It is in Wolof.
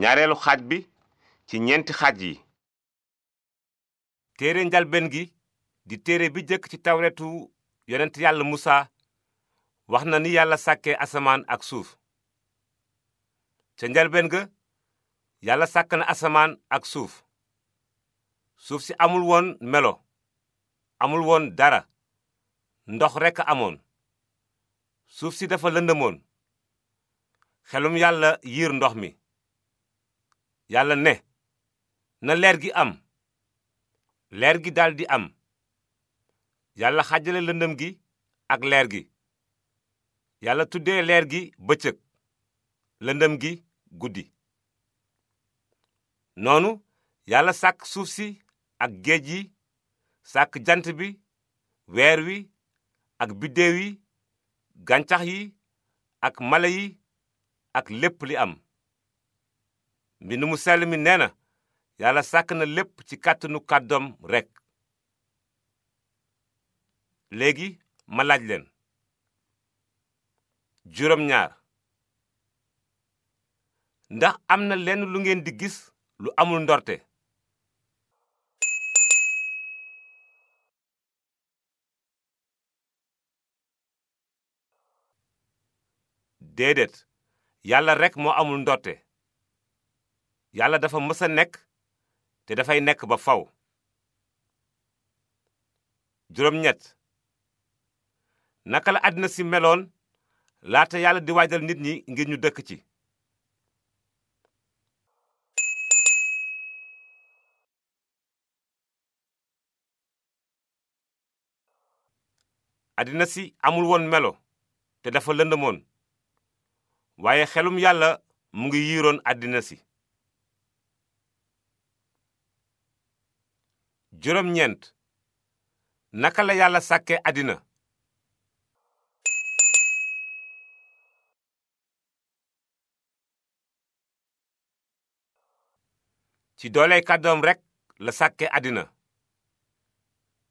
ñaareelu xaaj bi ci ñeenti xaaj yi téere njalben gi di téere bi jëkk ci tawretu yonent yàlla musa wax na ni yàlla sàkke asamaan ak suuf ca njalben ga yàlla sàkk na asamaan ak suuf suuf si amul woon melo amul woon dara ndox rekk amoon suuf si dafa lëndëmoon xelum yàlla yiir ndox mi yàlla ne na leer gi am leer gi daldi am yàlla xajale lëndëm gi ak leer gi yàlla tuddee leer gi bëccëg lëndëm gi guddi noonu yàlla sàkk suuf si ak géej yi sàkk jant bi weer wi ak biddéew yi gàncax yi ak mala yi ak lépp li am mbind mu sell mi nee na yàlla sàkk na lépp ci kàttanu kàddoom rekk léegi ma laaj leen juróom ñaar ndax am na lenn lu ngeen di gis lu amul ndorte déedéet yàlla rekk moo amul ndorte yàlla dafa mës a nekk te dafay nekk ba faw juróom ñett naka la àddina si meloon laata yàlla di waajal nit ñi ngir ñu dëkk ci àddina si amul woon melo te dafa lëndëmoon waaye xelum yàlla mu ngi yiiroon àddina si juróom ñeent naka la yàlla sàkke àddina ci dooley kàddoom rekk la sàkke àddina